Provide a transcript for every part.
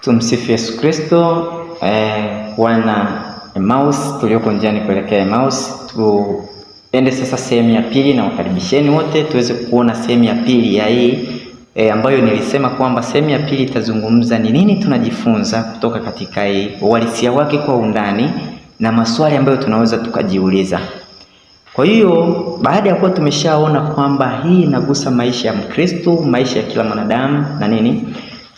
Tumsifu Yesu Kristo. Eh, wana Emmaus tulioko njiani kuelekea Emmaus, tuende sasa sehemu ya pili, na wakaribisheni wote tuweze kuona sehemu ya pili ya hii e, ambayo nilisema kwamba sehemu ya pili itazungumza ni nini tunajifunza kutoka katika hii uhalisia wake kwa undani na maswali ambayo tunaweza tukajiuliza. Kwa hiyo baada ya kuwa tumeshaona kwamba hii inagusa maisha ya Mkristo, maisha ya kila mwanadamu na nini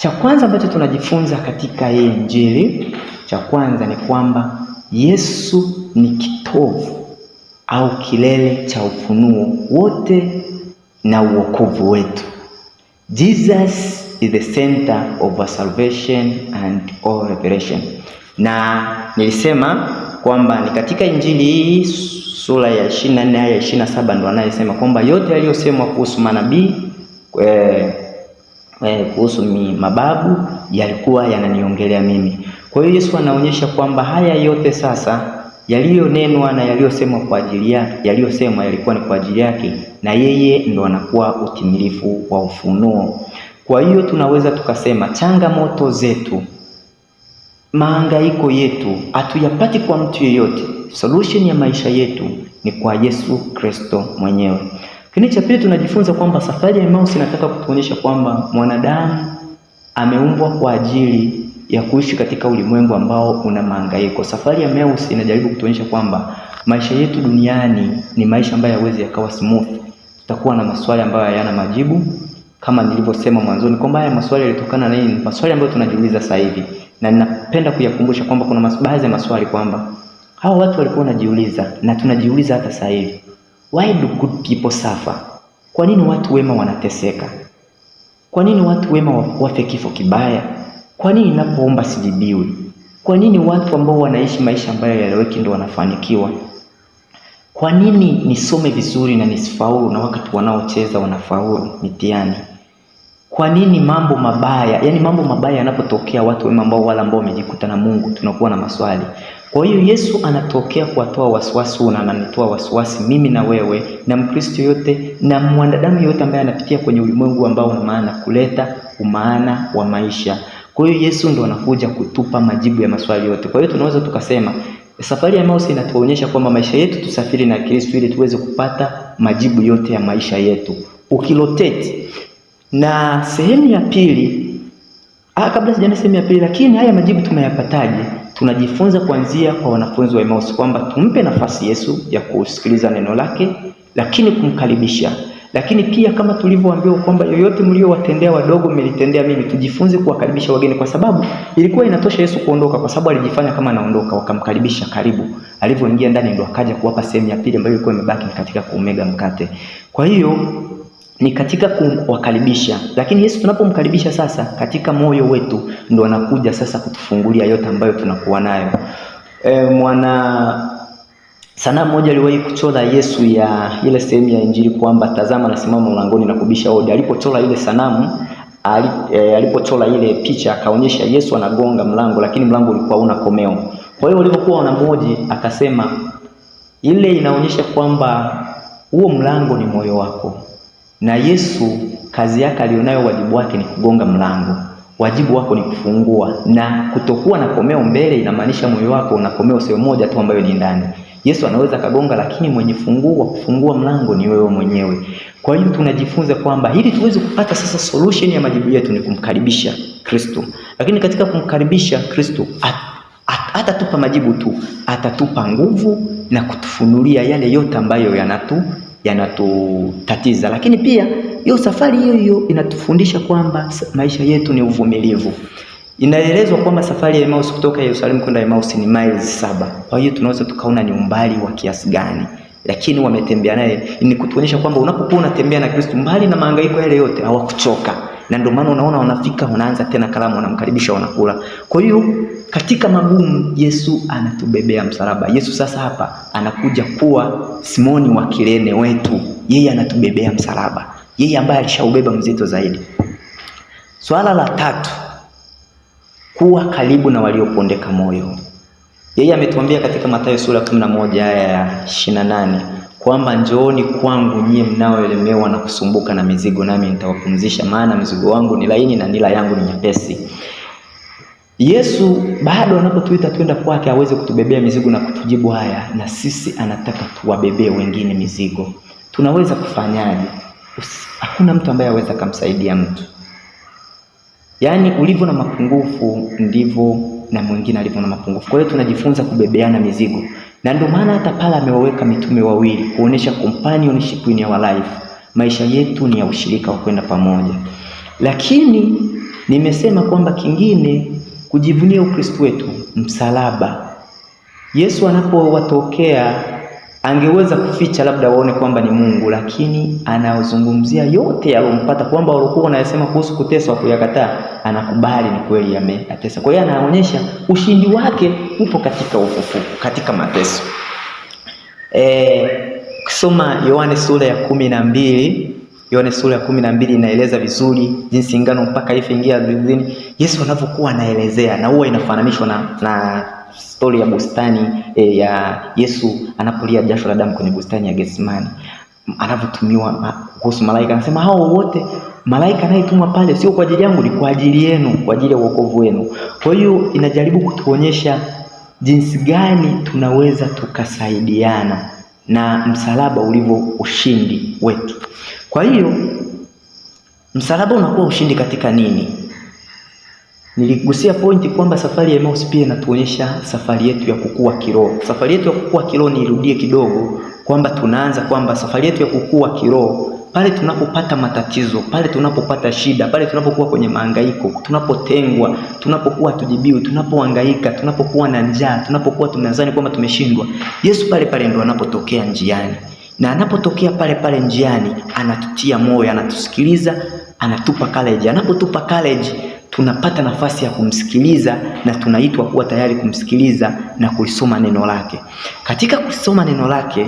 cha kwanza ambacho tunajifunza katika hii Injili, cha kwanza ni kwamba Yesu ni kitovu au kilele cha ufunuo wote na uokovu wetu. Jesus is the center of our salvation and all revelation. Na nilisema kwamba ni katika Injili hii sura ya 24 aya 27 ndo anayesema kwamba yote yaliyosemwa kuhusu manabii eh, eh, kuhusu mababu yalikuwa yananiongelea mimi. Kwa hiyo Yesu anaonyesha kwamba haya yote sasa yaliyonenwa na yaliyosemwa kwa ajili yake, yaliyosemwa yalikuwa ni kwa ajili yake, na yeye ndo anakuwa utimilifu wa ufunuo. Kwa hiyo tunaweza tukasema changamoto zetu, mahangaiko yetu hatuyapati kwa mtu yeyote. Solution ya maisha yetu ni kwa Yesu Kristo mwenyewe. Lakini cha pili tunajifunza kwamba safari ya Emmaus inataka kutuonyesha kwamba mwanadamu ameumbwa kwa ajili ya kuishi katika ulimwengu ambao una mahangaiko. Safari ya Emmaus inajaribu kutuonyesha kwamba maisha yetu duniani ni maisha ambayo hayawezi yakawa smooth. Tutakuwa na maswali ambayo hayana majibu, kama nilivyosema mwanzoni kwamba haya maswali yalitokana na nini, maswali ambayo tunajiuliza sasa hivi, na ninapenda kuyakumbusha kwamba kuna baadhi ya maswali kwamba hawa watu walikuwa wanajiuliza na tunajiuliza hata sasa hivi. Why do good people suffer? Kwa nini watu wema wanateseka? Kwa nini watu wema wafe kifo kibaya? Kwa nini ninapoomba sijibiwi? Kwa nini watu ambao wanaishi maisha ambayo yaeleweki ndio wanafanikiwa? Kwa nini nisome vizuri na nisifaulu na wakati wanaocheza wanafaulu mitihani? Kwa nini mambo mabaya, yaani mambo mabaya yanapotokea watu wema ambao wala ambao wamejikuta na Mungu, tunakuwa na maswali. Kwa hiyo Yesu anatokea kuwatoa wasiwasi na ananitoa wasiwasi mimi na wewe na Mkristo yote na mwanadamu yote ambaye anapitia kwenye ulimwengu ambao una maana kuleta umaana wa maisha. Kwa hiyo Yesu ndo anakuja kutupa majibu ya maswali yote. Kwa hiyo tunaweza tukasema safari ya Emmaus inatuonyesha kwamba maisha yetu tusafiri na Kristo ili tuweze kupata majibu yote ya maisha yetu. Ukiloteti na sehemu ya pili. Ah, kabla sijaenda sehemu ya pili, lakini haya majibu tumeyapataje? tunajifunza kuanzia kwa wanafunzi wa Emmaus kwamba tumpe nafasi Yesu ya kusikiliza neno lake, lakini kumkaribisha. Lakini pia kama tulivyoambiwa kwamba yoyote mliowatendea wadogo mmelitendea mimi, tujifunze kuwakaribisha wageni, kwa sababu ilikuwa inatosha Yesu kuondoka, kwa sababu alijifanya kama anaondoka, wakamkaribisha karibu. Alivyoingia ndani, ndo akaja kuwapa sehemu ya pili ambayo ilikuwa imebaki katika kuumega mkate. Kwa hiyo ni katika kuwakaribisha, lakini Yesu tunapomkaribisha sasa katika moyo wetu, ndo anakuja sasa kutufungulia yote ambayo tunakuwa nayo. E, mwana sanaa mmoja aliwahi kuchora Yesu ya ile sehemu ya Injili kwamba tazama, nasimama mlangoni na kubisha hodi. Alipochora ile sanamu e, alipochora ile picha akaonyesha Yesu anagonga mlango, lakini mlango ulikuwa una komeo. Kwa hiyo walipokuwa wanamhoji, akasema ile inaonyesha kwamba huo mlango ni moyo wako na Yesu kazi yake alionayo, wajibu wake ni kugonga mlango. Wajibu wako ni kufungua, na kutokuwa na komeo mbele inamaanisha moyo wako una komeo sehemu moja tu ambayo ni ndani. Yesu anaweza kagonga, lakini mwenye funguo wa kufungua mlango ni wewe mwenyewe. Kwa hiyo tunajifunza kwamba ili tuweze kupata sasa solution ya majibu yetu ni kumkaribisha Kristo, lakini katika kumkaribisha Kristo hatatupa majibu tu, atatupa nguvu na kutufunulia yale yote ambayo yanatu yanatutatiza, lakini pia hiyo safari hiyo hiyo inatufundisha kwamba maisha yetu ni uvumilivu. Inaelezwa kwamba safari ya Emmaus kutoka Yerusalemu kwenda Emmaus ni miles saba. Kwa hiyo tunaweza tukaona ni umbali wa kiasi gani, lakini wametembea naye. Ni kutuonyesha kwamba unapokuwa unatembea na Kristo, mbali na mahangaiko yale yote, hawakuchoka na ndio maana unaona wanafika, wanaanza tena kalamu, wanamkaribisha, wanakula. Kwa hiyo katika magumu Yesu anatubebea msalaba. Yesu sasa hapa anakuja kuwa Simoni wa Kirene wetu, yeye anatubebea msalaba, yeye ambaye alishaubeba mzito zaidi. Swala la tatu, kuwa karibu na waliopondeka moyo. Yeye ametuambia katika Mathayo sura 11 aya ya nane kwamba njooni kwangu nyie mnaoelemewa na kusumbuka na mizigo, nami nitawapumzisha, maana mzigo wangu ni laini na nila yangu ni nyepesi. Yesu bado anapotuita twenda kwake aweze kutubebea mizigo na kutujibu haya, na sisi anataka tuwabebee wengine mizigo. Tunaweza kufanyaje? Hakuna mtu ambaye aweza kumsaidia mtu, yaani ulivyo na mapungufu ndivyo na mwingine alivyo na mapungufu. Kwa hiyo tunajifunza kubebeana mizigo na ndio maana hata pale amewaweka mitume wawili kuonesha companionship in your life, maisha yetu ni ya ushirika wa kwenda pamoja. Lakini nimesema kwamba kingine kujivunia Ukristo wetu, msalaba. Yesu anapowatokea angeweza kuficha labda waone kwamba ni Mungu, lakini anazungumzia yote alompata, kwamba walikuwa wanayasema kuhusu kuteswa kuyakataa, anakubali ni kweli ameatesa. Kwa hiyo anaonyesha ushindi wake upo katika ufufuko, katika mateso. Ukisoma e, Yohane sura ya kumi na mbili Yohane sura ya kumi na mbili inaeleza vizuri jinsi ngano mpaka ifingia ingia ardhini, Yesu anavyokuwa anaelezea na huwa inafananishwa na, na stori ya bustani e, ya Yesu anapolia jasho la damu kwenye bustani ya Getsemani, anavyotumiwa kuhusu malaika, anasema hao wote malaika anayetumwa pale sio kwa ajili yangu, ni kwa ajili yenu, kwa ajili ya wokovu wenu. Kwa hiyo inajaribu kutuonyesha jinsi gani tunaweza tukasaidiana na msalaba ulivyo ushindi wetu. Kwa hiyo msalaba unakuwa ushindi katika nini? Niligusia pointi kwamba safari ya Emmaus pia inatuonyesha safari yetu ya kukua kiroho. Safari yetu ya kukua kiroho, nirudie kidogo, kwamba tunaanza kwamba safari yetu ya kukua kiroho pale tunapopata matatizo, pale tunapopata shida, pale tunapokuwa kwenye mahangaiko, tunapotengwa, tunapokuwa tujibiwi, tunapohangaika, tunapokuwa na njaa, tunapokuwa tunadhani kwamba tumeshindwa, Yesu pale pale ndo anapotokea njiani, na anapotokea pale pale njiani anatutia moyo, anatusikiliza, anatupa kaleji, anapotupa kaleji tunapata nafasi ya kumsikiliza na tunaitwa kuwa tayari kumsikiliza na kuisoma neno lake. Katika kusoma neno lake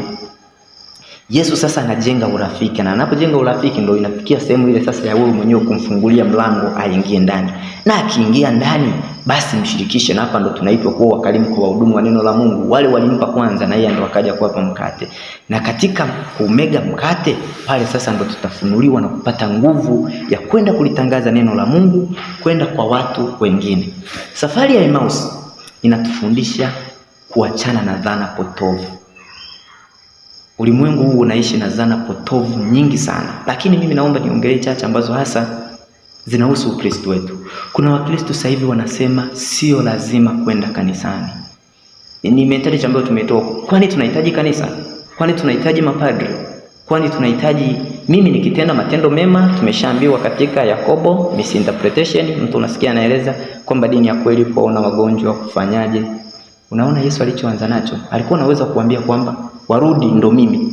Yesu sasa anajenga urafiki, na anapojenga urafiki ndio inafikia sehemu ile sasa ya wewe mwenyewe kumfungulia mlango aingie ndani, na akiingia ndani basi mshirikishe, na hapa ndo tunaitwa kuwa wakarimu kwa wahudumu wa neno la Mungu. Wale walimpa kwanza, na yeye ndo akaja kuwapa mkate, na katika kumega mkate pale sasa ndo tutafunuliwa na kupata nguvu ya kwenda kulitangaza neno la Mungu kwenda kwa watu wengine. Safari ya Emmaus inatufundisha kuachana na dhana potovu. Ulimwengu huu unaishi na zana potovu nyingi sana, lakini mimi naomba niongelee chache ambazo hasa zinahusu Ukristo wetu. Kuna Wakristo sasa hivi wanasema sio lazima kwenda kanisani. Ni mentality ambayo tumetoka. Kwani tunahitaji kanisa? Kwani tunahitaji mapadri? Kwani tunahitaji mimi nikitenda matendo mema? Tumeshaambiwa katika Yakobo misinterpretation, mtu unasikia anaeleza kwamba dini ya kweli kuwaona wagonjwa kufanyaje Unaona Yesu alichoanza nacho, alikuwa anaweza kuambia kwamba warudi ndo mimi.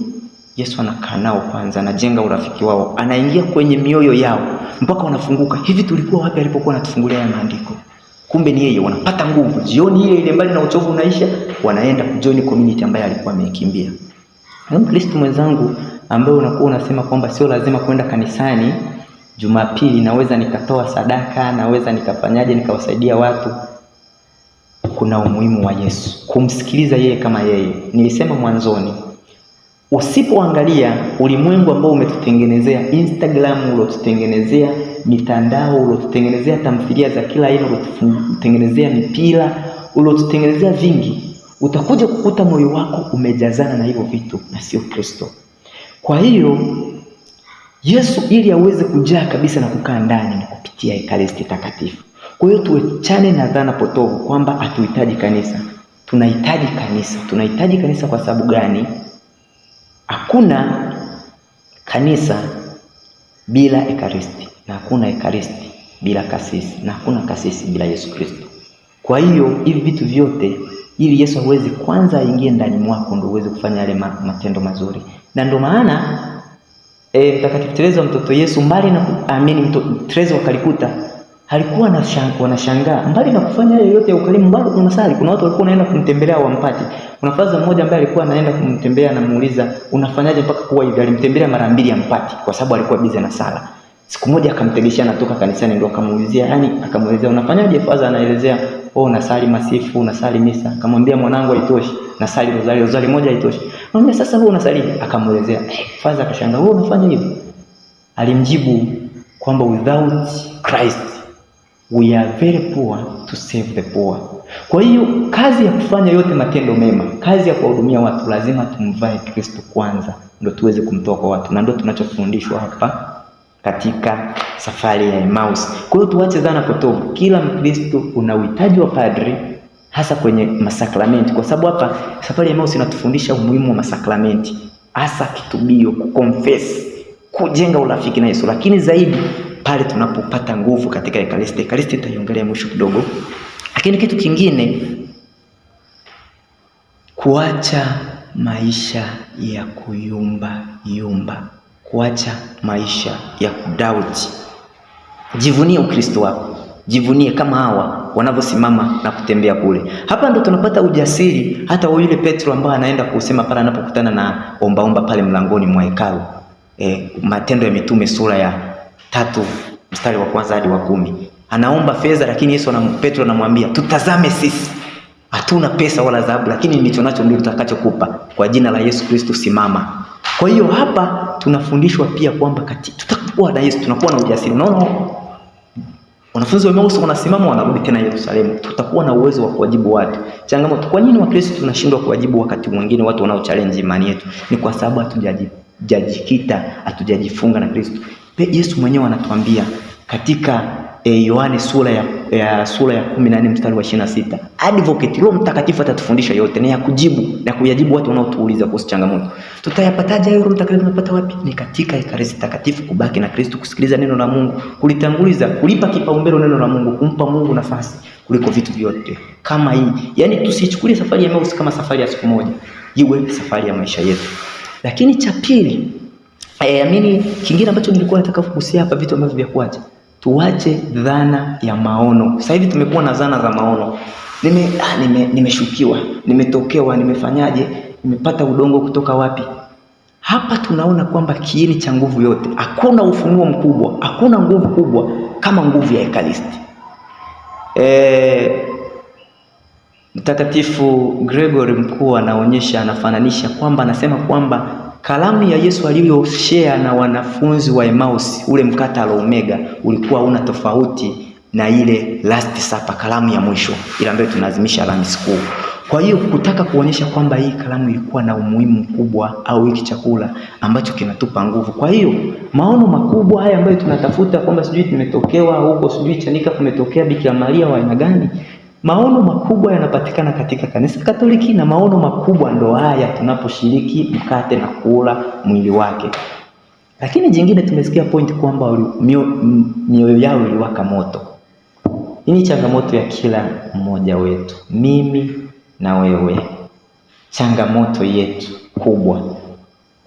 Yesu anakaa nao kwanza, anajenga urafiki wao, anaingia kwenye mioyo yao mpaka wanafunguka. Hivi tulikuwa wapi alipokuwa anatufungulia ya maandiko? Kumbe ni yeye. Wanapata nguvu jioni ile ile, mbali na uchovu unaisha, wanaenda kujoin community ambayo alikuwa amekimbia. Mkristo mwenzangu ambaye unakuwa unasema kwamba sio lazima kwenda kanisani Jumapili, naweza nikatoa sadaka, naweza nikafanyaje, nikawasaidia watu kuna umuhimu wa Yesu, kumsikiliza yeye kama yeye. Nilisema mwanzoni, usipoangalia ulimwengu ambao umetutengenezea, Instagram uliotutengenezea, mitandao uliotutengenezea, tamthilia za kila aina uliotutengenezea, mipira uliotutengenezea vingi, utakuja kukuta moyo wako umejazana na hivyo vitu na sio Kristo. Kwa hiyo Yesu ili aweze kujaa kabisa na kukaa ndani ni kupitia Ekaristi Takatifu. Kwa hiyo tuwechane na dhana potovu kwamba hatuhitaji kanisa. Tunahitaji kanisa. Tunahitaji kanisa kwa sababu gani? Hakuna kanisa bila ekaristi, na hakuna ekaristi bila kasisi, na hakuna kasisi bila Yesu Kristo. Kwa hiyo hivi vitu vyote ili Yesu aweze kwanza aingie ndani mwako ndio uweze kufanya yale matendo mazuri, na ndio maana e, Mtakatifu Teresa wa mtoto Yesu mbali na kuamini mtoto Teresa wa Kalikuta alikuwa wanashangaa, mbali na kufanya yale yote ya ukarimu, bado kuna unasali. Kuna watu walikuwa wanaenda kumtembelea wampati. Kuna faza mmoja ambaye alikuwa anaenda kumtembelea, namuuliza unafanyaje mpaka kuwa hivi? Alimtembelea mara mbili ya mpati, kwa sababu alikuwa bize na sala. Siku moja akamtegesha, natoka kanisani, ndio akamuulizia, yani akamuelezea, unafanyaje faza? Anaelezea, oh, nasali masifu, unasali misa. Akamwambia, mwanangu, haitoshi, nasali rozali, rozali moja haitoshi. Anamwambia sasa wewe unasali? Akamuelezea. Hey, eh, faza akashangaa, wewe unafanya hivi? Alimjibu kwamba without Christ we are very poor to save the poor. Kwa hiyo kazi ya kufanya yote matendo mema, kazi ya kuwahudumia watu, lazima tumvae Kristo kwanza, ndio tuweze kumtoa kwa watu, na ndio tunachofundishwa hapa katika safari ya Emmaus. Kwa hiyo tuache dhana potovu, kila Mkristo una uhitaji wa padri, hasa kwenye masakramenti, kwa sababu hapa safari ya Emmaus inatufundisha umuhimu wa masakramenti, hasa kitubio, kukonfesi, kujenga urafiki na Yesu, lakini zaidi pale tunapopata nguvu katika Ekaristi. Ekaristi itaiongelea mwisho kidogo, lakini kitu kingine, kuacha maisha ya kuyumba yumba, kuacha maisha ya kudauti. Jivunie Ukristo wako, jivunie kama hawa wanavyosimama na kutembea kule. Hapa ndo tunapata ujasiri hata wa yule Petro ambaye anaenda kusema pale anapokutana na ombaomba omba pale mlangoni mwa hekalu. E, Matendo ya Mitume sura ya tatu mstari wa kwanza hadi wa kumi anaomba fedha, lakini Yesu na Petro anamwambia tutazame sisi hatuna pesa wala dhahabu, lakini nilicho nacho ndio tutakachokupa. Kwa jina la Yesu Kristo simama. Kwa hiyo hapa tunafundishwa pia kwamba kati tutakuwa na Yesu, tunakuwa na ujasiri. Unaona, wanafunzi wa Emmaus wanasimama, wanarudi tena Yerusalemu. Tutakuwa na uwezo wa kuwajibu watu. Changamoto, kwa nini Wakristo tunashindwa kuwajibu wakati mwingine watu wanao challenge imani yetu? Ni kwa sababu hatujajikita, hatujajifunga na Kristo. Yesu mwenyewe anatuambia katika eh, Yohane eh, sura ya, ya, sura ya 14 mstari wa 26. Advocate Roho Mtakatifu atatufundisha yote na ya kujibu na kuyajibu watu wanaotuuliza kuhusu changamoto. Tutayapataje hayo? Roho Mtakatifu tunapata wapi? Ni katika Ekaristi Takatifu, kubaki na Kristo, kusikiliza neno la Mungu, kulitanguliza, kulipa kipaumbele neno la Mungu, kumpa Mungu nafasi kuliko vitu vyote kama hii. Yani tusichukulie safari ya Emmaus kama safari ya siku moja, iwe safari ya maisha yetu. Lakini cha pili E, amini kingine ambacho nilikuwa nataka kugusia hapa, vitu ambavyo vya kuacha, tuache dhana ya maono. Sasa hivi tumekuwa na dhana za maono, nime ah, nime nimeshukiwa, nimetokewa, nimefanyaje, nimepata udongo kutoka wapi? Hapa tunaona kwamba kiini cha nguvu yote, hakuna ufunuo mkubwa, hakuna nguvu kubwa kama nguvu ya Ekaristi. E, Mtakatifu Gregory mkuu anaonyesha, anafananisha kwamba, anasema kwamba Kalamu ya Yesu aliyoshare na wanafunzi wa Emmaus, ule mkate Omega ulikuwa una tofauti na ile last supper, kalamu ya mwisho ile ambayo tunaazimisha Alhamisi Kuu. Kwa hiyo kutaka kuonyesha kwamba hii kalamu ilikuwa na umuhimu mkubwa, au hiki chakula ambacho kinatupa nguvu. Kwa hiyo maono makubwa haya ambayo tunatafuta kwamba sijui tumetokewa huko, sijui Chanika kumetokea Bikira Maria wa aina gani, Maono makubwa yanapatikana katika kanisa Katoliki, na maono makubwa ndo haya tunaposhiriki mkate na kula mwili wake. Lakini jingine tumesikia point kwamba mioyo yao iliwaka moto. Hii ni changamoto ya kila mmoja wetu, mimi na wewe, changamoto yetu kubwa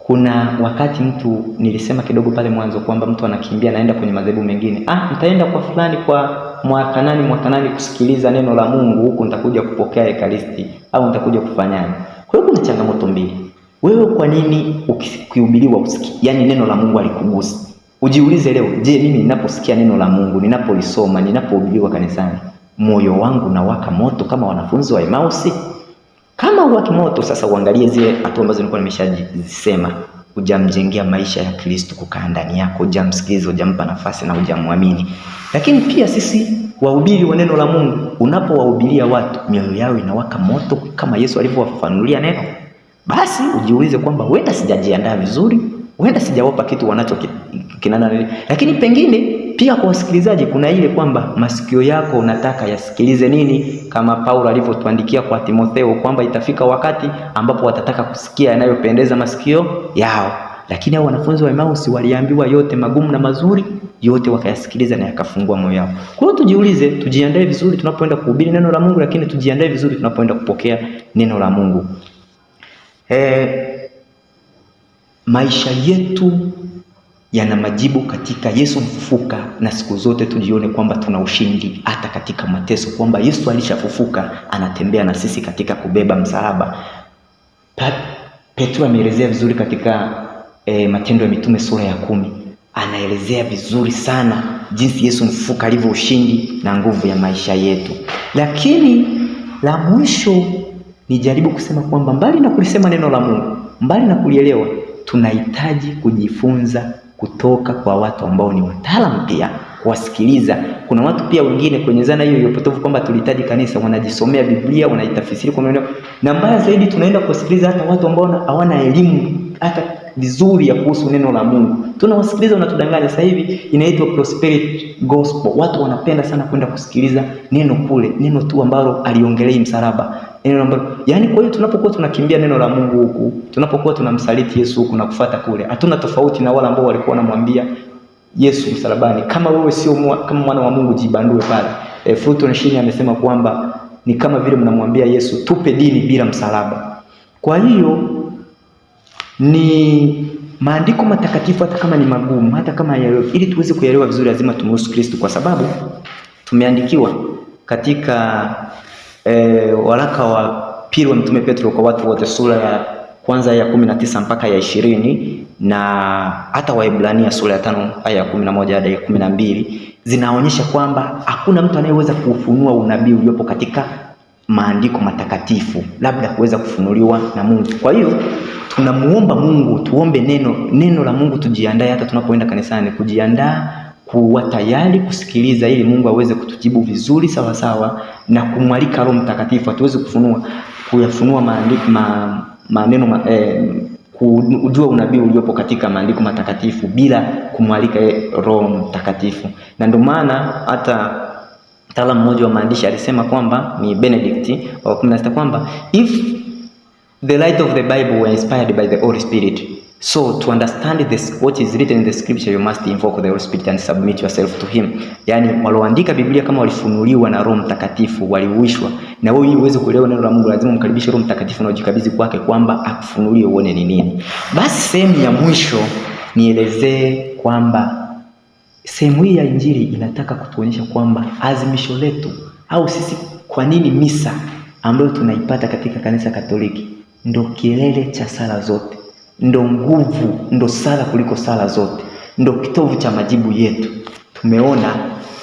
kuna wakati mtu nilisema kidogo pale mwanzo kwamba mtu anakimbia anaenda kwenye madhehebu mengine. Ah, nitaenda kwa fulani kwa mwaka mwakanani kusikiliza neno la Mungu, huku nitakuja kupokea ekaristi au nitakuja kufanyana Kwa hiyo kuna changamoto mbili. Wewe kwa nini ukihubiriwa usiki, yani neno la Mungu alikugusa? Ujiulize leo, je, mimi ninaposikia neno la Mungu, ninapolisoma, ninapohubiriwa kanisani, moyo wangu nawaka moto kama wanafunzi wa Emausi? Kama uwaki moto sasa, uangalie zile hatua ambazo nilikuwa nimeshajisema, hujamjengea maisha ya Kristo kukaa ndani yako, hujamsikiliza, hujampa nafasi na hujamwamini. Lakini pia sisi wahubiri wa neno la Mungu, unapowahubiria watu mioyo yao inawaka moto kama Yesu alivyowafafanulia neno, basi ujiulize kwamba huenda sijajiandaa vizuri, huenda sijawapa kitu wanacho kinana, nini, lakini pengine pia kwa wasikilizaji kuna ile kwamba masikio yako unataka yasikilize nini, kama Paulo alivyotuandikia kwa Timotheo kwamba itafika wakati ambapo watataka kusikia yanayopendeza masikio yao. Lakini hao wanafunzi wa Emmaus waliambiwa yote magumu na mazuri yote wakayasikiliza na yakafungua moyo wao. Kwa hiyo tujiulize, tujiandae vizuri tunapoenda kuhubiri neno la Mungu, lakini tujiandae vizuri tunapoenda kupokea neno la Mungu. Eh, Maisha yetu yana majibu katika Yesu mfufuka, na siku zote tujione kwamba tuna ushindi hata katika mateso, kwamba Yesu alishafufuka, anatembea na sisi katika kubeba msalaba. Petro ameelezea vizuri katika e, Matendo ya Mitume sura ya kumi, anaelezea vizuri sana jinsi Yesu mfufuka alivyo ushindi na nguvu ya maisha yetu. Lakini la mwisho nijaribu kusema kwamba mbali na kulisema neno la Mungu, mbali na kulielewa tunahitaji kujifunza kutoka kwa watu ambao ni wataalamu pia kuwasikiliza Kuna watu pia wengine kwenye zana hiyo hiyo potofu kwamba tulihitaji kanisa, wanajisomea Biblia wanaitafsiri kwa maneno, na mbaya zaidi tunaenda kuwasikiliza hata watu ambao hawana elimu hata vizuri ya kuhusu neno la Mungu, tunawasikiliza wanatudanganya. Sasa hivi inaitwa prosperity gospel, watu wanapenda sana kwenda kusikiliza neno kule, neno tu ambalo aliongelei msalaba neno ambalo yani, kwa hiyo tunapokuwa tunakimbia neno la Mungu huku, tunapokuwa tunamsaliti Yesu huku na kufuata kule, hatuna tofauti na wale ambao walikuwa wanamwambia Yesu msalabani, kama wewe sio kama mwana wa Mungu jibandue pale. E, Fulton Sheen amesema kwamba ni kama vile mnamwambia Yesu tupe dini bila msalaba. Kwa hiyo ni maandiko matakatifu, hata kama ni magumu, hata kama hayaelewi, ili tuweze kuyaelewa vizuri, lazima tumuhusu Kristo, kwa sababu tumeandikiwa katika E, waraka wa pili wa Mtume Petro kwa watu wote sura ya kwanza ya kumi na tisa mpaka ya ishirini na hata Waebrania sura ya tano aya ya kumi na moja hadi ya kumi na mbili zinaonyesha kwamba hakuna mtu anayeweza kuufunua unabii uliopo katika maandiko matakatifu labda kuweza kufunuliwa na Mungu. Kwa hiyo tunamuomba Mungu, tuombe neno neno la Mungu, tujiandae hata tunapoenda kanisani, kujiandaa kuwa tayari kusikiliza ili Mungu aweze kutujibu vizuri sawa sawa, na kumwalika Roho Mtakatifu atuweze kufunua kuyafunua maandiko ma, maneno ma, eh, kujua unabii uliopo katika maandiko matakatifu bila kumwalika eh, Roho Mtakatifu. Na ndio maana hata mtaalamu mmoja wa maandishi alisema kwamba ni Benedict wa 16 kwamba if the light of the Bible were inspired by the Holy Spirit So to understand this, what is written in the scripture you must invoke the Holy Spirit and submit yourself to him. Yani, walioandika Biblia kama walifunuliwa na Roho Mtakatifu, waliuishwa na wewe. Ili uweze kuelewa neno la Mungu, lazima umkaribishe Roho Mtakatifu na ujikabidhi kwake, kwamba akufunulie uone ni nini. Basi sehemu ya mwisho nielezee kwamba sehemu hii ya Injili inataka kutuonyesha kwamba azimisho letu au sisi, kwa nini misa ambayo tunaipata katika kanisa Katoliki ndio kilele cha sala zote ndo nguvu, ndo sala kuliko sala zote, ndo kitovu cha majibu yetu. Tumeona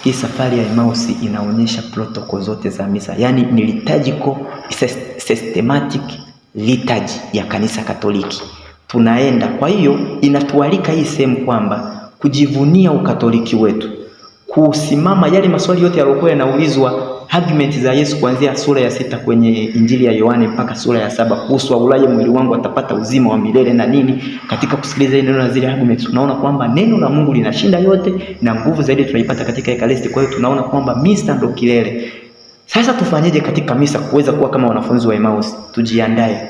hii safari ya Emausi inaonyesha protocol zote za misa, yaani ni liturgical systematic liturgy ya kanisa Katoliki tunaenda. Kwa hiyo inatualika hii sehemu kwamba kujivunia ukatoliki wetu, kusimama yale maswali yote yaliokuwa yanaulizwa hadmet za Yesu kuanzia sura ya sita kwenye Injili ya Yohane mpaka sura ya saba kuhusu waulaye mwili wangu atapata uzima wa milele na nini. Katika kusikiliza neno na zile arguments, tunaona kwamba neno la Mungu linashinda yote na nguvu zaidi tunaipata katika Ekaristi. Kwa hiyo tunaona kwamba misa ndo kilele. Sasa tufanyeje katika misa kuweza kuwa kama wanafunzi wa Emmaus? Tujiandae.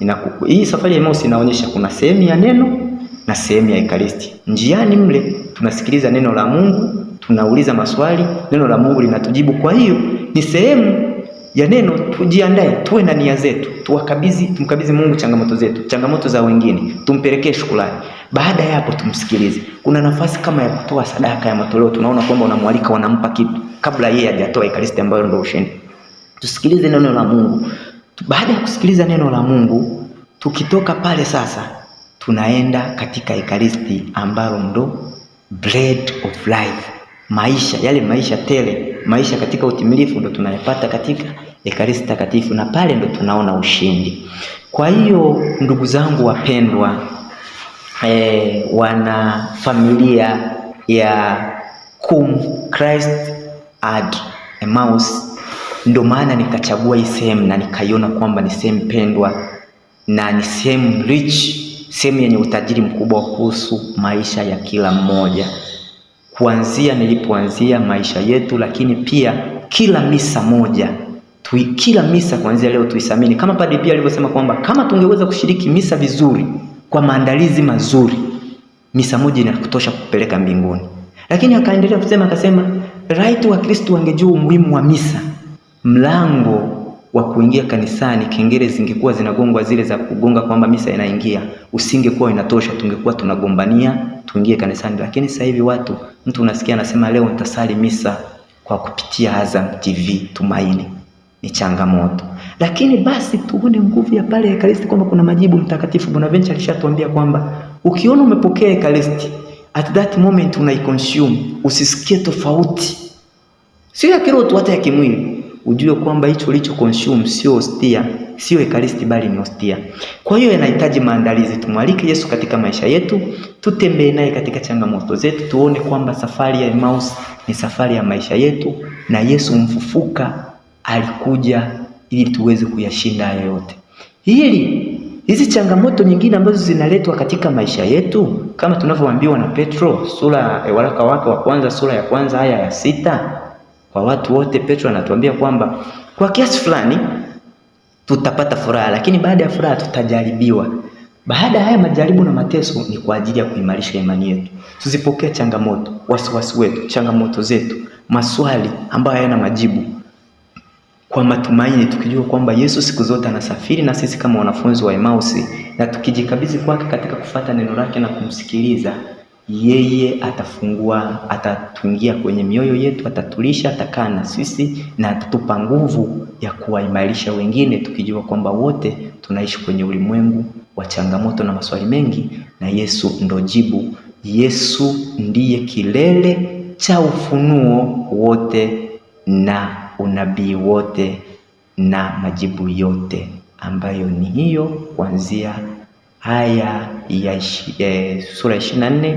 Ninakuku. Hii safari ya Emmaus inaonyesha kuna sehemu ya neno na sehemu ya Ekaristi. Njiani mle tunasikiliza neno la Mungu tunauliza maswali, neno la Mungu linatujibu. Kwa hiyo ni sehemu ya neno, tujiandae, tuwe na nia zetu, tuwakabidhi, tumkabidhi Mungu changamoto zetu, changamoto za wengine, tumpelekee shukrani. Baada ya hapo, tumsikilize. Kuna nafasi kama ya kutoa sadaka ya matoleo, tunaona kwamba unamwalika, wanampa kitu kabla yeye hajatoa ekaristi, ambayo ndio ushindi. Tusikilize neno la Mungu. Baada ya kusikiliza neno la Mungu, tukitoka pale sasa, tunaenda katika ekaristi ambayo ndo bread of life maisha yale maisha tele, maisha katika utimilifu, ndo tunayapata katika Ekaristi Takatifu, na pale ndo tunaona ushindi. Kwa hiyo ndugu zangu wapendwa, e, wana familia ya Cum Christ ad Emmaus, ndo maana nikachagua hii sehemu na nikaiona kwamba ni sehemu pendwa na ni sehemu rich, sehemu yenye utajiri mkubwa kuhusu maisha ya kila mmoja kuanzia nilipoanzia maisha yetu, lakini pia kila misa moja tui, kila misa kuanzia leo tuisamini, kama padri Pia alivyosema kwamba kama tungeweza kushiriki misa vizuri kwa maandalizi mazuri, misa moja inakutosha kupeleka mbinguni. Lakini akaendelea kusema akasema, right wa Kristo wangejua umuhimu wa misa mlango wa kuingia kanisani, kengele zingekuwa zinagongwa zile za kugonga kwamba misa inaingia, usingekuwa inatosha, tungekuwa tunagombania tuingie kanisani. Lakini sasa hivi watu, mtu unasikia anasema leo nitasali misa kwa kupitia Azam TV Tumaini. Ni changamoto, lakini basi tuone nguvu ya pale Ekaristi kwamba kuna majibu. Mtakatifu Bonaventure alishatuambia kwamba ukiona umepokea Ekaristi at that moment unaiconsume, usisikie tofauti, sio ya kiroho tu, hata ya kimwili ujue kwamba hicho ulicho consume sio hostia, sio ekaristi, bali ni hostia. Kwa hiyo inahitaji maandalizi. Tumwalike Yesu katika maisha yetu, tutembee naye katika changamoto zetu, tuone kwamba safari ya Emmaus ni safari ya maisha yetu, na Yesu mfufuka alikuja ili tuweze kuyashinda haya yote. Hili hizi changamoto nyingine ambazo zinaletwa katika maisha yetu kama tunavyoambiwa na Petro sura, e, waraka wake wa kwanza sura ya kwanza aya ya sita kwa watu wote. Petro anatuambia kwamba kwa kiasi fulani tutapata furaha, lakini baada ya furaha tutajaribiwa. Baada ya haya majaribu na mateso ni kwa ajili ya kuimarisha imani yetu. Tusipokee changamoto, wasiwasi wetu, changamoto zetu, maswali ambayo hayana majibu kwa matumaini, tukijua kwamba Yesu siku zote anasafiri na sisi kama wanafunzi wa Emausi, na tukijikabidhi kwake katika kufata neno lake na kumsikiliza yeye atafungua, atatuingia kwenye mioyo yetu, atatulisha, atakaa na sisi na atatupa nguvu ya kuwaimarisha wengine, tukijua kwamba wote tunaishi kwenye ulimwengu wa changamoto na maswali mengi, na Yesu ndo jibu. Yesu ndiye kilele cha ufunuo wote na unabii wote na majibu yote ambayo ni hiyo kuanzia aya ya e, sura ya ishirini na nne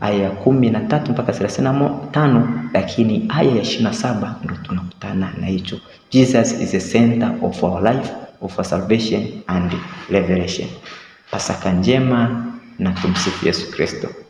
aya ya kumi na tatu mpaka thelathini na tano lakini aya ya ishirini na saba ndo tunakutana na hicho. Jesus is the center of our life of our salvation and revelation. Pasaka njema na tumsifu Yesu Kristo.